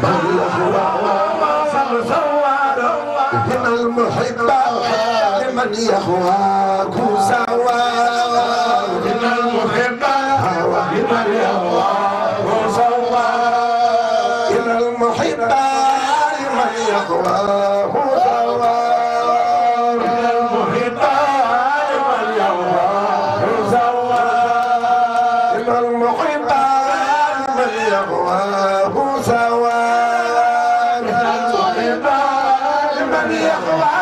من يهواك سواء إن المحب هوى لمن يهواك سواء إن المحب لمن يهواك سواء إن المحب لمن يهواك سواء إن المحب لمن يهواك سواء Yàlla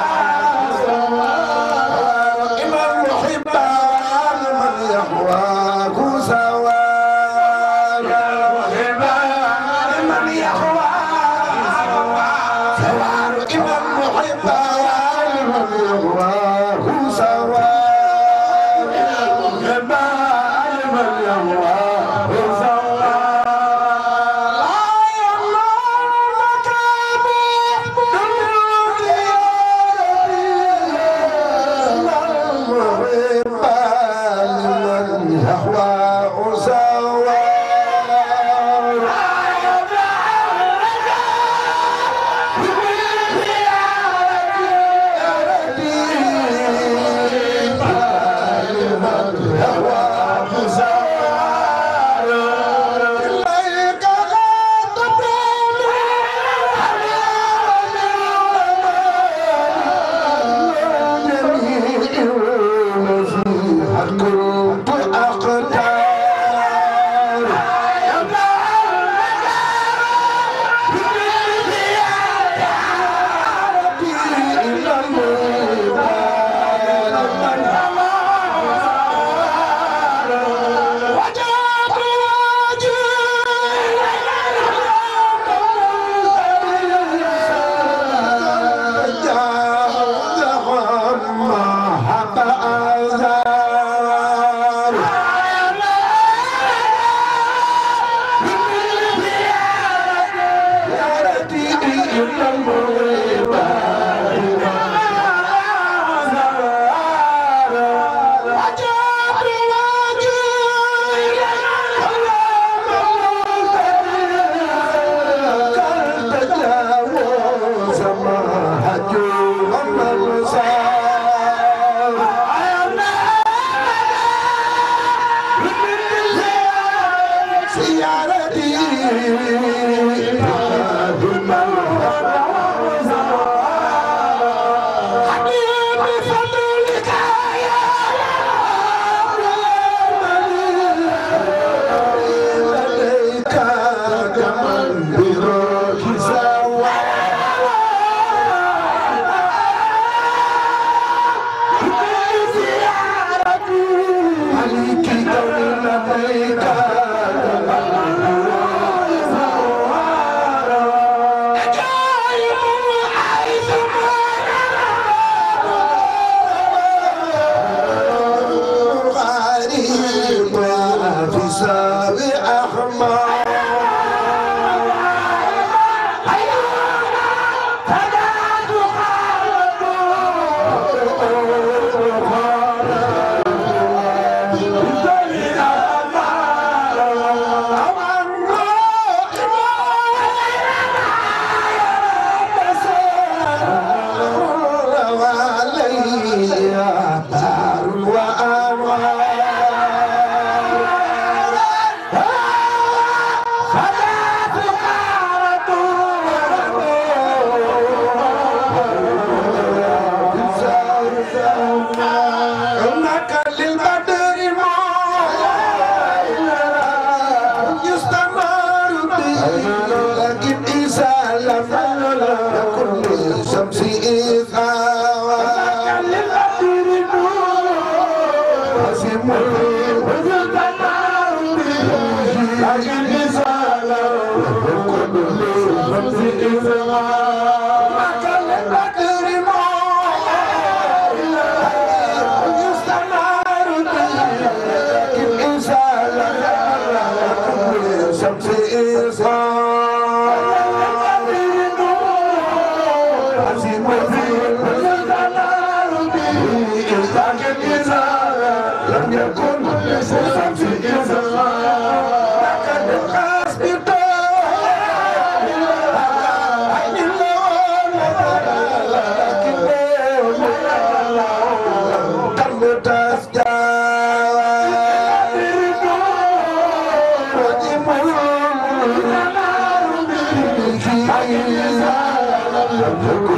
ati yu Thank you.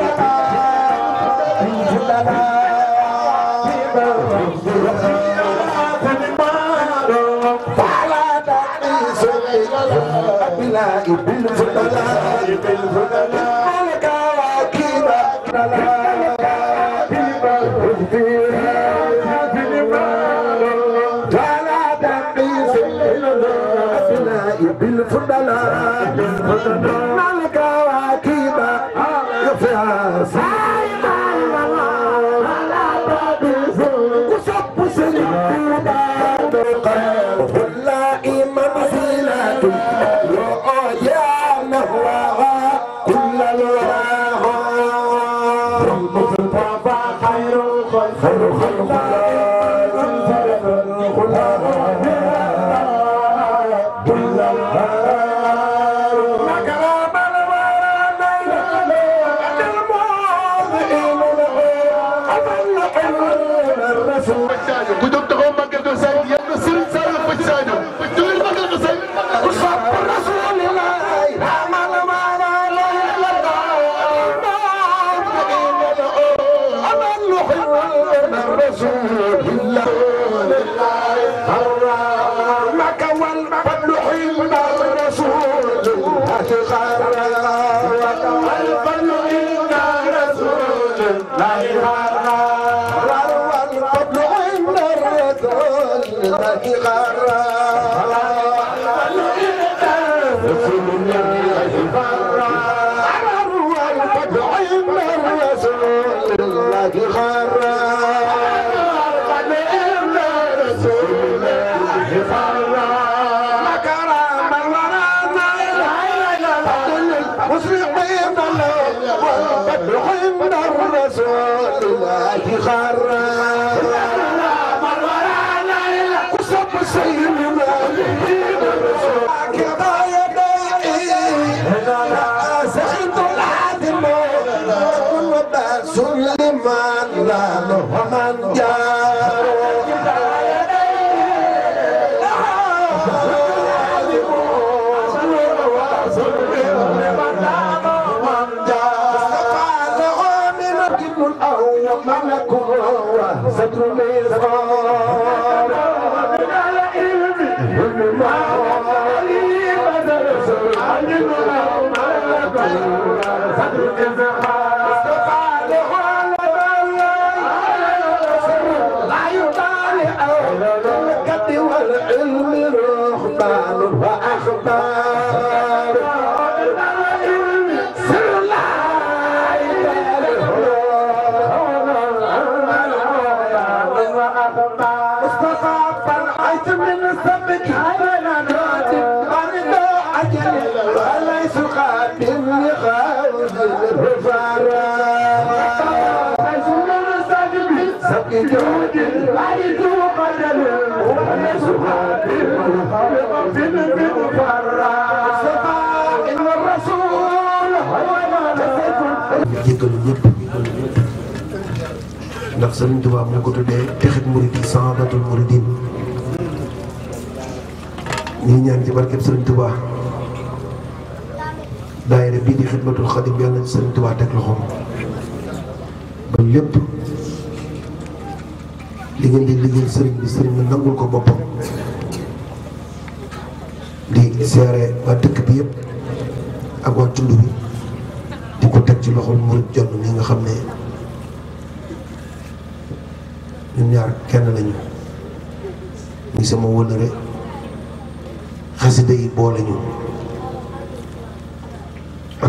القلب لنا la la محمد رسول الله خرى لا مرور على كسب سيدنا ndax Serigne Touba moo ko tuddee texit murid yi sahabatul muridin ñuy ñaan ci barkeb Serigne Touba daayira bii di xidmatul xadim yàlla na sëriñ Tuubaa loxoom ba lépp li ngeen di liggéey sëriñ bi sëriñ bi nangul ko boppam di seere waa dëkk bi yépp ak waa tund bi di ko teg ci loxol murid jon mi nga xam ne ñun ñaar kenn lañu muy sama wëlëre xasida yi boole ñu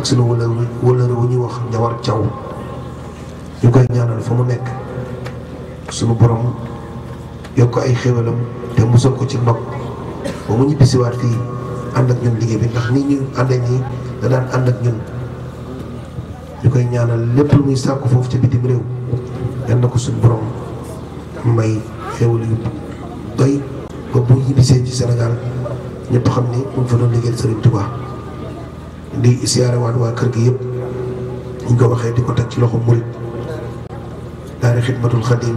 ak sunu wëlëri wëlëri wu ñuy wax Ndiawar Thiaw ñu koy ñaanal fa mu nekk sunu boroom yokk ay xéwalam te musal ko ci ndog ba mu ñibbisiwaat fii ànd ak ñun liggéey bi ndax nii ñu àndee nii daan ànd ak ñun ñu koy ñaanal lépp lu muy sàkku foofu ca bitim réew yal na ko suñu borom may xéwal yu doy ba bu ñibbisee ci Sénégal ñëpp xam ni mu fa doon liggéeyal Serigne Touba. di siyaare waat waa kër gi yëpp ñu ko waxee di ko teg ci loxo murit daari xidmatul xadim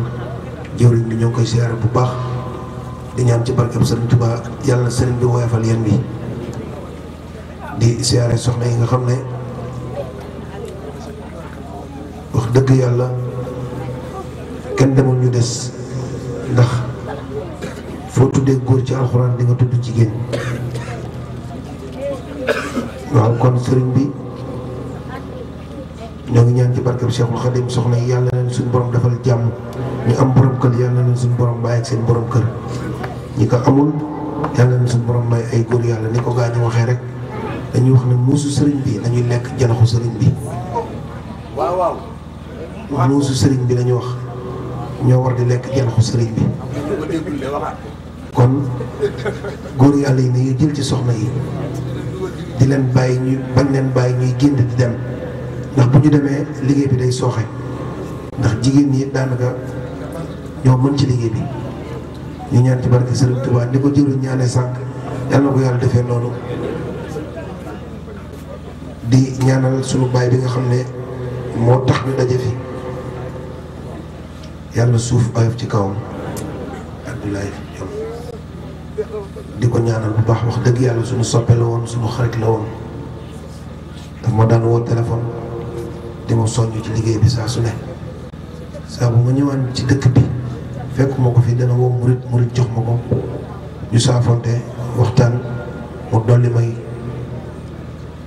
jëwriñ bi ñoo koy siyaare bu baax di ñaan ci barkeb sëriñ Tuubaa yàlla seen bi woyafal yéen bi di siyaare soxna yi nga xam ne wax dëgg yàlla kenn demul ñu des ndax foo tuddee góor ci alxuraan di tudd jigéen waaw kon sëriñ bi ñoo ngi ñaan ci barkeb Cheikhul Khadim soxna yi yàlla na leen suñu borom defal jàmm ñu am borom kër yàlla na leen suñu borom bàyyi ak seen borom kër ñi ko amul yàlla na leen suñu borom may ay góor yàlla ni ko gaa ñu waxee rek dañuy wax ne muusu sëriñ bi dañuy lekk janaxu sëriñ bi. muusu sëriñ bi lañu wax ñoo war di lekk janaxu sëriñ bi kon góor yàlla yi nañu jël ci soxna yi. di leen bàyyi ñuy bañ leen bàyyi ñuy génn di dem ndax bu ñu demee liggéey bi day sooxe ndax jigéen ñi daanaka ñoo mën ci liggéey bi ñu ci barke Sëriñ ni ko jëriñ ñaanee sànq yàlla na ko yàlla defee noonu di ñaanal sunu baay bi nga xam ne moo tax ñu daje fi yàlla suuf ayof ci kawam Abdoulaye di ko ñaanal bu baax wax dëgg yàlla suñu soppee la woon suñu xarit la woon daf ma daan woo téléphone di ma soññ ci liggéey bi saa su ne saa bu ma ñëwaan ci dëkk bi fekk ko fii dana woo murit murit jox ma ko ñu saafonte waxtaan mu dolli may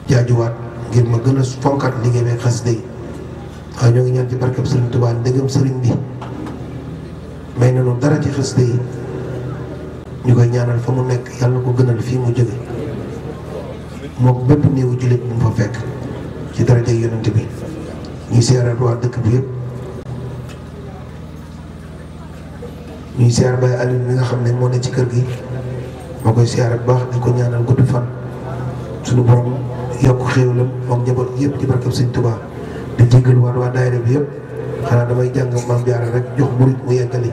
jaajuwaat ngir ma gën a fonkat liggéey bi xasida yi waaye ñoo ngi ñaan ci barkeb Sëriñ Tuubaa ndegam sëriñ bi may nañu dara ci xasida yi ñu koy ñaanal fa mu nekk yàlla ko gënal fii mu jóge moom bépp néewu jullit bu mu fa fekk ci daraja yonent bi ñuy seeraat waa dëkk bi yëpp ñuy seer Baye Aliou mi nga xam ne moo ne ci kër gi moo koy seer bu baax ko ñaanal gudd fan suñu borom yokk xéewalam moom njaboot yëpp ci barkeb Sëñ Tuubaa di jégal waa daayira bi yëpp xanaa damay jàng maam jaara rek jox murit mu yeggali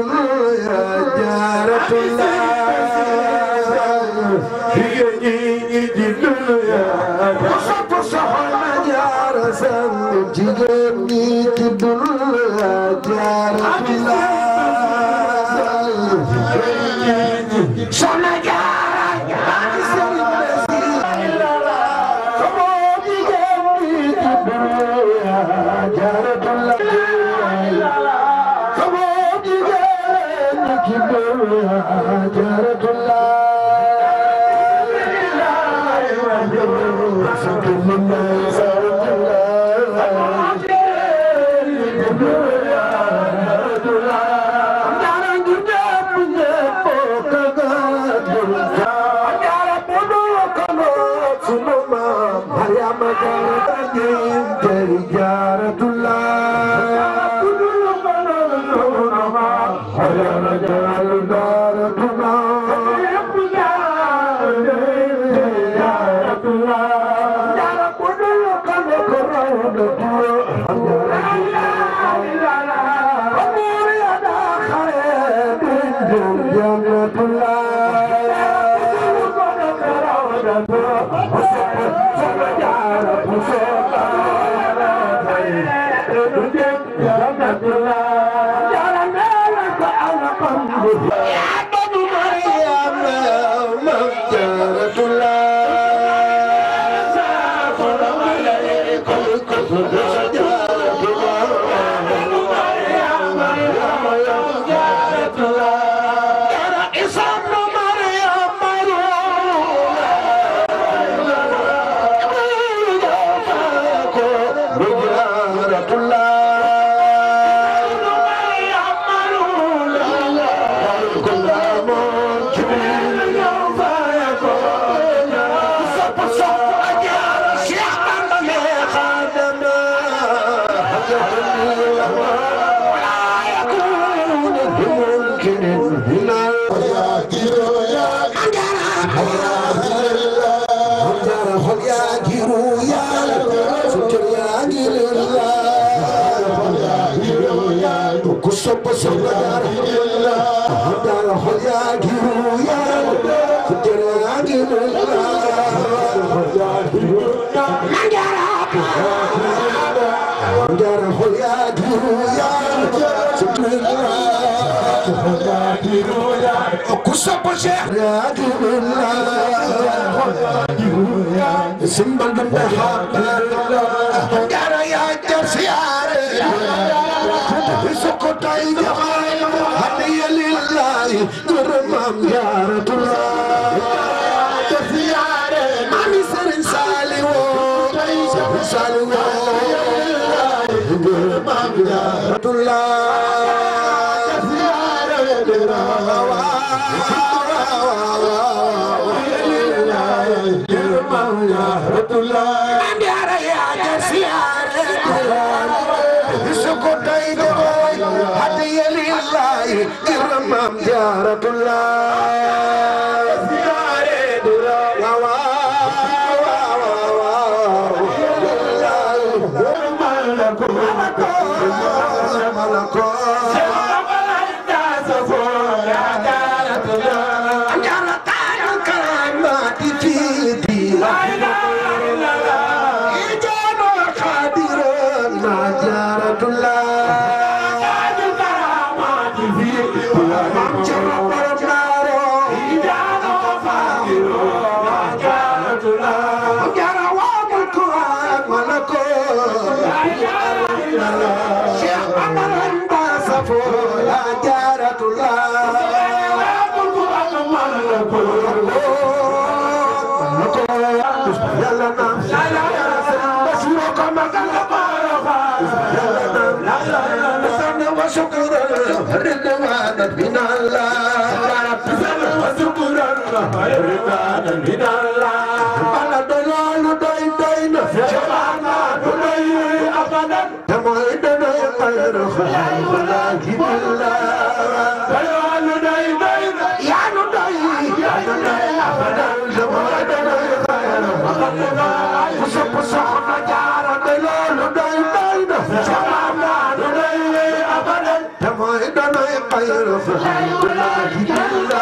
الدين جارة الله Kusapa Cheikh Simbal dam da habala Yara ya jasiyare Isoko taida Hadiya lillahi Nuramam yaratullah Jasiyare Mami sarin saliwo Saliwo Nuramam yaratullah Malako رضوانا من الله صبر وشكرا رضوانا من الله بلا دلال داي داين شبعنا دلي أبدا تمعدنا خير خير خير فهيولا جدولا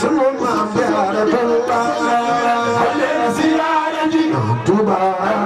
سلم زيارة الله زيارة الله